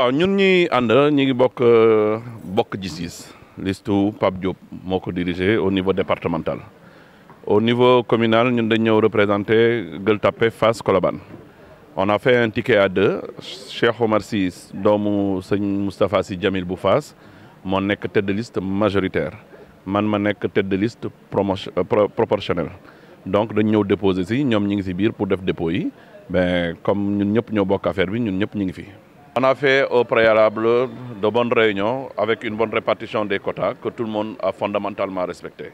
waaw ñun ñuy ànd ñu ngi bokk euh, bokk gis-gis listu Pape Diop moo ko dirigé au niveau départemental au niveau communal ñun dañ ñëw représenté Gueule Tapée Fass Colobane on a fait un ticket à deux Cheikh doomu sëñ Moustapha Sy Jamil bu Fass moo nekk tête de liste majoritaire man ma nekk tête de liste promotion euh, proportionnelle donc dañ ñëw déposé si ñoom ñu ngi si biir pour def dépôt yi mais comme ñun ñëpp ñoo bokk affaire bi ñun ñëpp ñu ngi fi. On a fait au préalable de bonnes réunions avec une bonne répartition des quotas que tout le monde a fondamentalement respecté.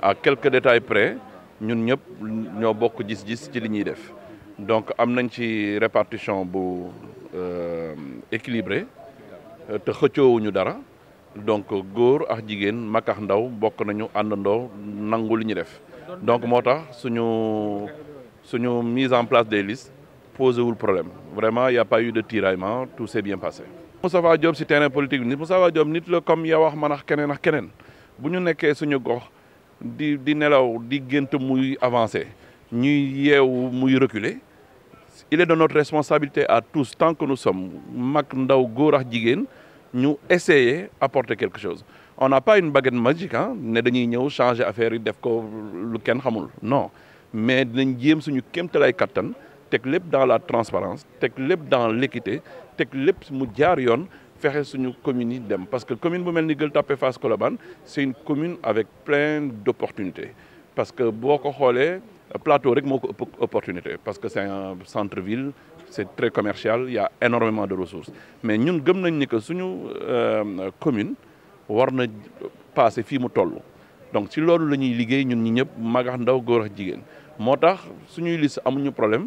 À quelques détails près, nous avons ñoo bokk 10 gis ci nous donc am nañ ci répartition bu euh, équilibrée te avons dara donc góor ak jigéen mag ak ndaw bokk nañu àndandoo nangu li def donc nous avons suñu mise en place des listes posé le problème vraiment il n'y a pas eu de tiraillement tout s'est bien passé. Moustapha Diop si terrain politique bi nit Diop nit le comme y wax man ak keneen ak keneen bu ñu nekkee suñu gox di di nelaw di gént muy avancer ñuy yeewu muy reculer il est de notre responsabilité à tous tant que nous sommes mag ndaw góor ak ñu essayer apporter quelque chose on n'a pas une baguette magique hein? ne dañuy ñëw changer affaire yi def ko lu kenn xamul non mais dinañ jéem suñu kéemtalaay kattan tek lépp dans la transparence tek lépp dans l'équité tek lépp mu jaar yoon fexé suñu commune dem parce que commune bu melni ni tapé face, c'est une commune avec plein d'opportunités parce que boko xolé plateau rek moko opportunité parce que c'est un centre-ville c'est très commercial il y a énormément de ressources mais ñun gëm nañ ni que suñu euh, commune warna passé passer mu tollu. donc si lolu lañuy ñuy liggéey ñun ñi ñëpp magax ndaw góor ak jigéen moo suñuy liste amuñu problème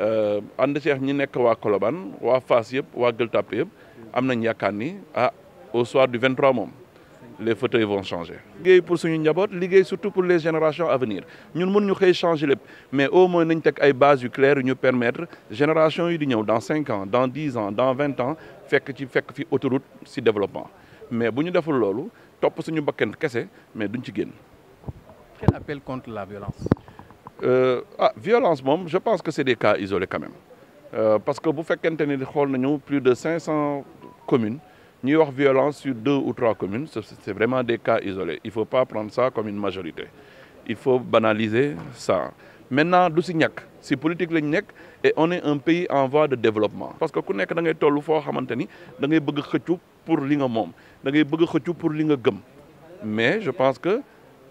Euh, ànd ci ñi nek wa koloban wa Fass yeb wa Gueule Tapée yëpp am nañ yaakaar ni ah au soir du 23 mom les fauteuils vont changer. liggéey pour suñu njabot liggéey surtout pour les générations à venir ñun mën ñu xey changer lépp mais au moins nañ tek ay bases yu claires ñu permettre génération yi di ñëw dans 5 ans dans 10 ans dans 20 ans fekk ci fekk fi autoroute ci développement mais buñu deful lolu top suñu bakkan kese mais duñ ci génn. quel appel contre la violence. Euh, ah violence je pense que c'est des cas isolés quand même euh, parce que vous faites ni de plus de 500 communes New wax violence sur deux ou trois communes C'est vraiment des cas isolés il ne faut pas prendre ça comme une majorité il faut banaliser ça maintenant si politique et on est un pays en voie de développement parce que ku on da ngay toll foo on da ngay pour li nga da ngay pour li mais je pense que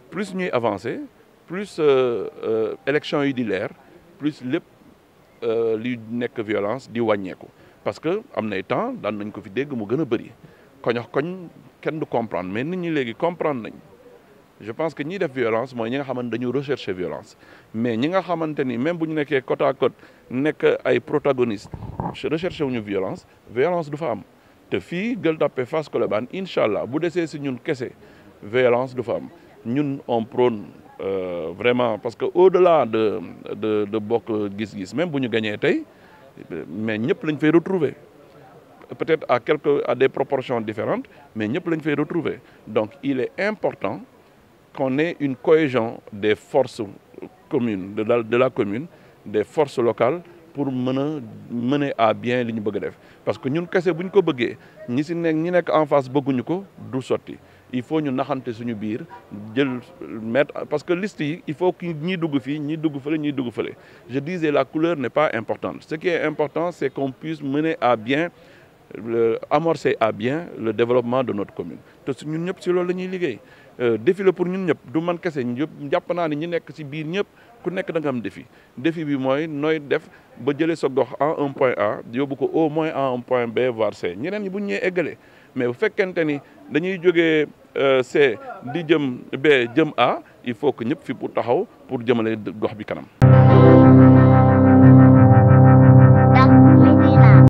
plus nous avançons plus euh, euh, élection yi plus les euh, li nekk violence di wàññeeku parce que amna nay temps daan nañ ko fi dégg mu gëna a bëri koñox koñ kenn du comprendre mais nit ñi légui comprendre nañ je pense que ñi def violence moy ñi nga xamante dañu rechercher violence mais ñi nga xamante ni même buñu ñu côte à côte nek ay protagonistes recherché wuñu violence violence du fa am te fi Gueule Tapée face Colobane inshallah bu déssé ci ñun kessé violence du fa am ñun on prône euh, vraiment, parce qu'au-delà de, de, de Bok Gis-Gis, même si nous gagnons mais nous pouvons retrouver. Peut-être à, quelques, à des proportions différentes, mais nous pouvons retrouver. Donc il est important qu'on ait une cohésion des forces communes, de la, de la commune, des forces locales, pour mener, mener à bien Parce que nous voulons faire. Parce que nous, si nous voulons, nous sommes en face de nous, nous sortir il faut nous naxante suñu biir jël mettre parce que liste il faut que ñi dugg fi ñi dugg fële ñi dugg fële je disais la couleur n'est pas importante ce qui est important c'est qu'on puisse mener à bien amorcer à bien le développement de notre commune te ñun ñep ci loolu la ñuy euh défi le pour ñun ñep du man kese ñëpp jàpp naa ne ñi nekk ci biir ñep ku nekk da nga am défi défi bi moy noy def ba jëlee sa gox en un point A yobuko au moins en un point B voire C ñeneen ñi bu ñu égalé mais bu fekkenté ni. dañuy joggé euh, c di jëm b jëm a il faut que ñëpp fi pour taxaw pour jëmale gox bi kanam